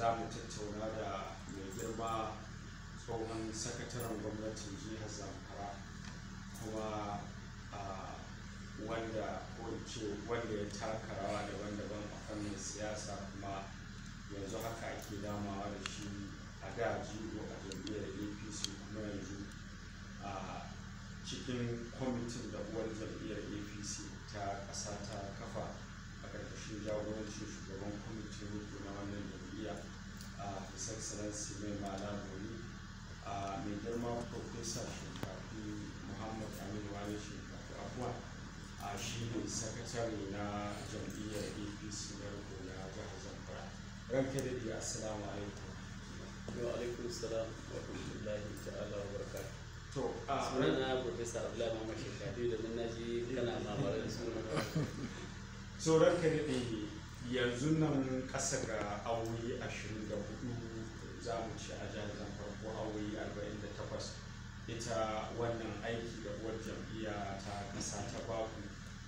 za mu tattauna da mai girma tsohon sakataren gwamnatin jihar zamfara kuma wanda ko wanda ya taka rawa daban-daban a fannin siyasa kuma yanzu haka ake damawa da shi a da jigo a jam'iyyar apc kuma yanzu a cikin kwamitin da uwar jam'iyyar apc ta ƙasa ta kafa a ƙarƙashin jagorancin shugaban kwamitin na wannan excellency mai malam gori a mai girma professor shinkafi muhammad amin wani shinkafi abuwa a shi ne sakatare na jam'iyyar apc na riko na jihar zamfara ranke da biya assalamu alaikum wa alaikum salam wa rahmatullahi ta'ala wa barakatuh to a sunana professor abdullahi muhammad shinkafi domin na ji kana mamarin sunan so ranke da yanzu nan kasa ga aure ashirin da hudu za mu ci a jihar zamfara ko awoyi 48 ita wannan aiki da uwar jam'iyya ta kasa ta baku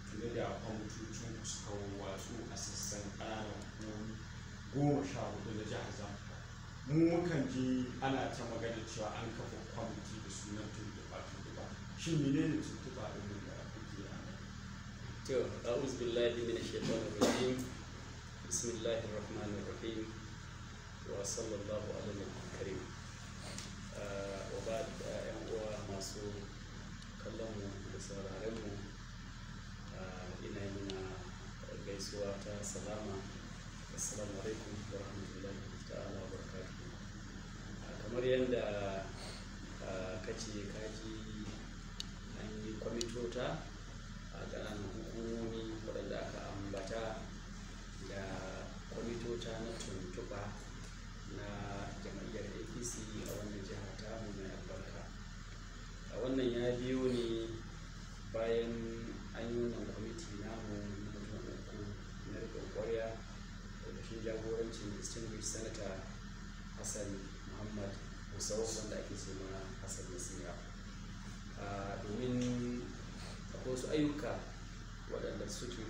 tuni da kwamitocin suka watsu a sassan ƙananan hukumomi goma sha hudu na jihar zamfara mu mukan ji ana ta magana cewa an kafa kwamiti da sunan tuntuba tuntuɓa shin menene tuntuɓa tuntuba da kuke a nan to a'udhu billahi minash shaitanir rajim bismillahir rahmanir rahim وصلى الله على النبي الكريم وبعد yan uwa masu kallon mu da sauraren mu uh, ina yi gaisuwa ta salama assalamu alaikum wa rahmatullahi ta'ala wa barakatuhu uh, kamar yadda uh, kace kaji an yi kwamitota na jam'iyyar apc a wannan jiha ta mai albarka a wannan ya biyo ne bayan an yi wannan kwamiti namu na mutum uku na rikin kwarya ƙarƙashin jagorancin distinguished senator hassan muhammad musawar wanda ake ce ma hassan nasira ah, domin akwai wasu ayyuka waɗanda suke